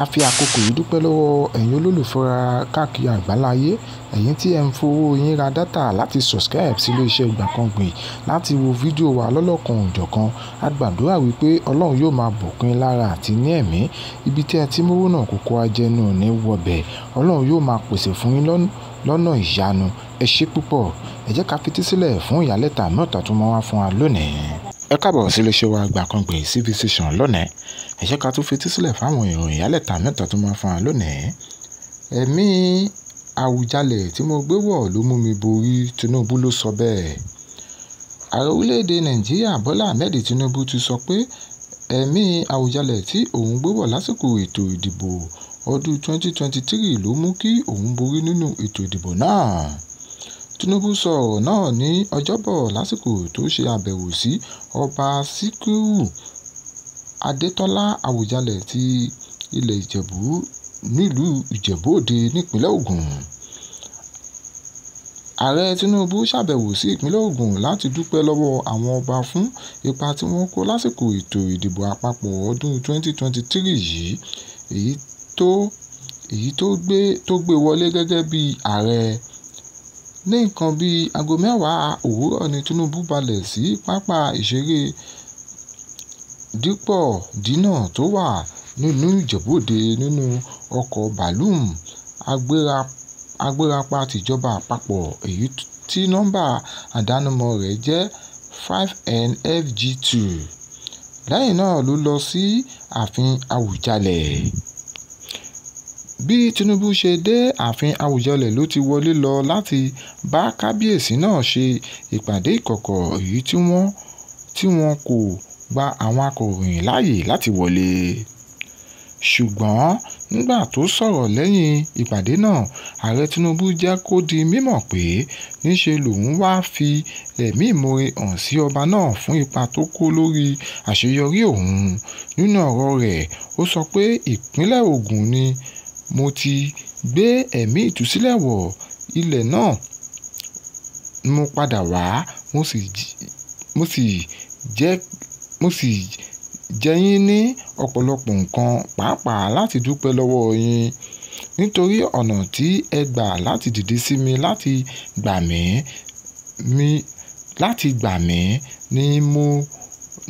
a fi àkókò yìí dúpẹ́ lọ́wọ́ ẹ̀yin olólùfẹ́ wa káàkiri àgbáláyé ẹ̀yin tí ẹ ń fowó yín ra dátà láti subscribe sí iléeṣẹ́ Gbankanbi láti wo fídíò wa lọ́lọ́kan òjọ̀kan a gbàdúrà wípé ọlọ́run yóò máa bùkún lára àti ní ẹ̀mí ibi tí ẹ ti mówó náà kókó ajẹnu ní wọbẹ̀ ọlọ́run yóò máa pèsè fún yín lọ́nà ìyanu ẹ ṣé púpọ̀ ẹ jẹ́ ká fetí sílẹ̀ fún ìyálẹ́ta ẹ káàbọ̀ sí iléeṣẹ́ wa Gbankanbi CBC sàn lónìí ẹ ṣe ká tún fetí sílẹ̀ fáwọn ìròyìn ìyálẹ̀ta mẹ́ta tó máa fún wa lónìí. ẹ̀mí Àwùjalè tí mo gbé wọ̀ ló mú mi borí Tinubu ló sọ bẹ́ẹ̀. ààrẹ orílẹ̀-èdè Nàìjíríà Bọ́lá Ahmed Tinubu ti sọ pé ẹ̀mí Àwùjalè tí òun gbé wọ̀ lásìkò ètò ìdìbò ọdún 2023 ló mú kí òun borí nínú ètò ìdìbò náà. Tinubu sọ ọ̀rọ̀ náà ní Ọjọ́bọ̀ lásìkò tó ṣe àbẹ̀wò sí Ọba Síkírù Adétọ́lá Àwùjalẹ̀ ti ilẹ̀ Ìjẹ̀bú nílùú Ìjẹ̀bú-Òde nípínlẹ̀ Ògùn. Ààrẹ Tinubu ṣàbẹ̀wò sí ìpínlẹ̀ Ògùn láti dúpẹ́ lọ́wọ́ àwọn ọba fún ipa tí wọ́n kó lásìkò ètò ìdìbò àpapọ̀ ọdún 2023 yìí, èyí tó gbé wọlé gẹ́gẹ́ bí ààrẹ ní nǹkan bíi aago mẹ́wàá òwúrọ̀ ní Tinubu balẹ̀ sí pápá ìṣeré Dípọ̀ Dínà tó wà nílùú Ìjẹ̀bú-Òde nínú ọkọ̀ bàálù agbérapá tìjọba àpapọ̀ èyí tí nọ́ḿbà àdánimọ̀ rẹ̀ jẹ́ 5NFG2. Lẹ́yìn náà ló lọ sí ààfin Àwùjalẹ̀ bí tinubu ṣe dé ààfin àwùjalẹ̀ ló ti wọlé lọ láti bá kábíyèsí náà ṣe ìpàdé ìkọ̀kọ̀ èyí tí wọ́n tí wọn kò gba àwọn akọ̀ròyìn láàyè láti wọlé ṣùgbọ́n nígbà tó sọ̀rọ̀ lẹ́yìn ìpàdé náà ààrẹ tinubu jẹ́ kó di mímọ̀ pé níṣe lòun wá fi ẹ̀mí ìmoore hàn sí ọba náà fún ipa tó kó lórí àṣeyọrí òun nínú ọ̀rọ̀ rẹ̀ ó sọ pé ìpínlẹ̀ ògùn ni mo ti gbé ẹ̀mí ìtúsílẹ̀ wọ ilẹ̀ náà mo padà wá mo sì jẹ yín ní ọ̀pọ̀lọpọ̀ nǹkan pàápàá láti dúpẹ́ lọ́wọ́ yín nítorí ọ̀nà tí ẹ gbà láti dìde sí mi láti gbà mí mi láti gbà mí ni mo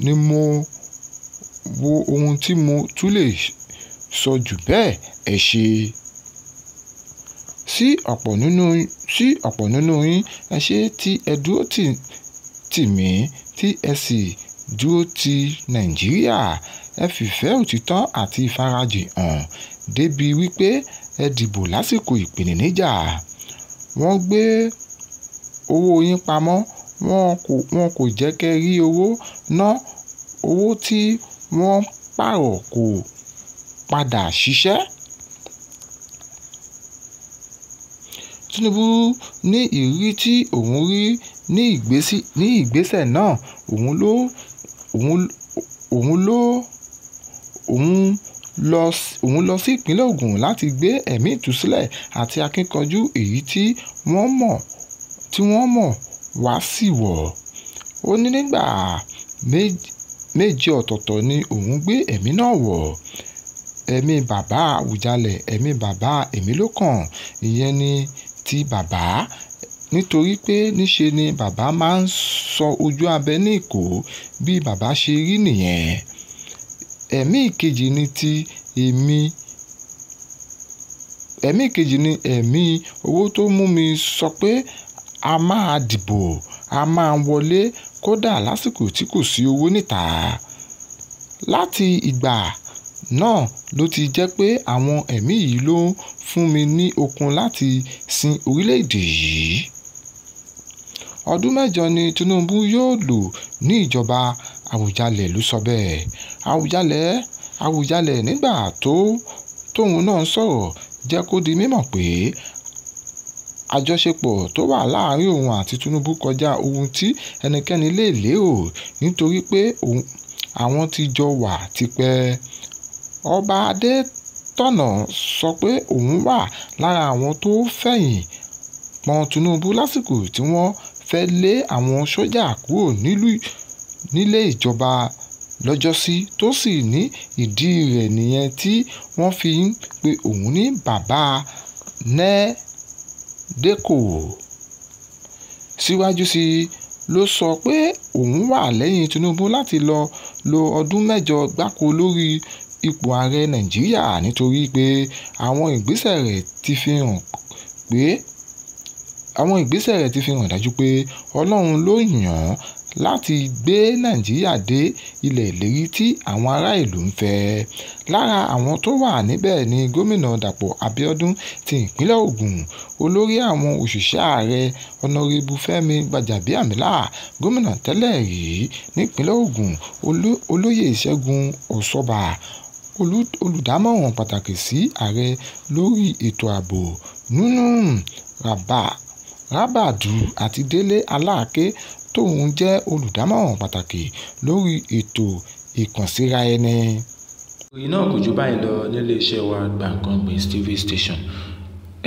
ni mo wo ohun tí mo tún lè sọ jù bẹ́ẹ̀ ẹ ṣe. Sí ọ̀pọ̀ nínú sí ọ̀pọ̀ nínú yín ẹ ṣé tí ẹ dúró tì mí tí ẹ sì dúró ti Nàìjíríà, ẹ fìfẹ́ òtítọ́ àti ìfarajìn hàn débi wípé ẹ dìbò lásìkò ìpèníjà. Wọ́n gbé owó yín pamọ́, wọn kò jẹ́ kẹ́ ẹ rí owó ná, owó tí wọ́n pààrọ̀ kò padà ṣiṣẹ́. Tinubu ní ìrírí tí òun rí ní ìgbésẹ̀ náà òun lọ sí ìpínlẹ̀ Ògùn láti gbé ẹ̀mí ìtúsílẹ̀ àti akíkanjú èyí tí wọ́n mọ̀ wá sí wọ̀. Ó ní nígbà méje ọ̀tọ̀ọ̀tọ̀ ni òun gbé ẹ̀mí náà wọ̀. Ẹ̀mí bàbá Àwùjalẹ̀, ẹ̀mí bàbá èmi ló kàn, ìyẹn ni ti bàbá nítorí pé níṣe ni bàbá máa ń sọ ojú abẹ ní ìkó bí bàbá ṣe rí nìyẹn ẹ̀mí ìkejì ni ti èmi ẹ̀mí ìkejì ni ẹ̀mí owó tó mú mi sọ pé a máa dìbò a máa wọlé kódà lásìkò tí kò sí owó níta láti ìgbà náà ló ti jẹ́ pé àwọn ẹ̀mí yìí ló ń fún mi ní okun láti sin orílẹ̀-èdè yìí. ọdún mẹ́jọ ni Tinubu yóò lò ní ìjọba Àwùjalẹ̀ ló sọ bẹ́ẹ̀ Àwùjalẹ̀ Àwùjalẹ̀ nígbà tó tóun náà sọ̀rọ̀ jẹ́ kó di mímọ̀ pé àjọṣepọ̀ tó wà láàrin òun àti Tinubu kọjá ohun tí ẹnikẹ́ni lè lérò nítorí pé àwọn ti jọ wà tipẹ́ ọba adétọ̀nà sọ pé òun wà lára àwọn tó fẹ̀yìn pọ́n tinubu lásìkò tí wọ́n fẹ́ẹ́ lé àwọn sójà kúrò nílé ìjọba lọ́jọ́sí tó sì ní ìdí rẹ̀ nìyẹn tí wọ́n fi ń pe òun ní bàbá nẹ́ẹ̀dẹ́kọ̀ síwájú sí i ló sọ pé òun wà lẹ́yìn tinubu láti lọ lo ọdún mẹ́jọ gbáko lórí ipò ààrẹ nàìjíríà nítorí pé àwọn ìgbésẹ̀ rẹ̀ ti fi hàn pé àwọn ìgbésẹ̀ rẹ̀ ti fi hàn dájú pé ọlọ́run ló yàn án láti gbé nàìjíríà dé ilẹ̀ ìlérí tí àwọn ará ìlú ń fẹ́. lára àwọn tó wà níbẹ̀ ni gómìnà dàpọ̀ abíọ́dún ti ìpínlẹ̀ ògùn olórí àwọn òṣìṣẹ́ ààrẹ ọ̀nàrẹ́bù fẹ́mi gbajàbíàmílà gómìnà tẹ́lẹ̀ rí nípínlẹ̀ ògùn olóyè ìṣẹ́gun ọ̀ṣọ́bà olùdámọ̀ràn pàtàkì sí ààrẹ lórí ètò ààbò nunu rabadu àti délé aláàké tóun jẹ́ olùdámọ̀ràn pàtàkì lórí ètò ìkànsíraẹni. ìròyìn náà kò jù báyìí lọ níléeṣẹ́ wa Gbankanbi tv station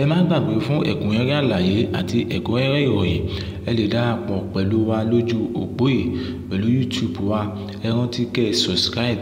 ẹ má gbàgbé fún ẹ̀kúnrẹ́rẹ́ àlàyé àti ẹ̀kúnrẹ́rẹ́ ìròyìn ẹ lè darapọ̀ pẹ̀lú wa lójú òpó yìí pẹ̀lú YouTube wa ẹ rántí kẹ́ ẹ subscribe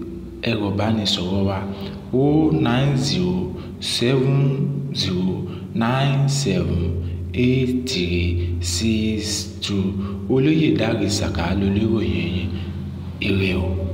ẹ̀rọ ìbánisọ̀rọ̀ wa o nine zero seven zero nine seven eight three six two. Olóyèdárì Sàká loríròyìn yìí, ire o.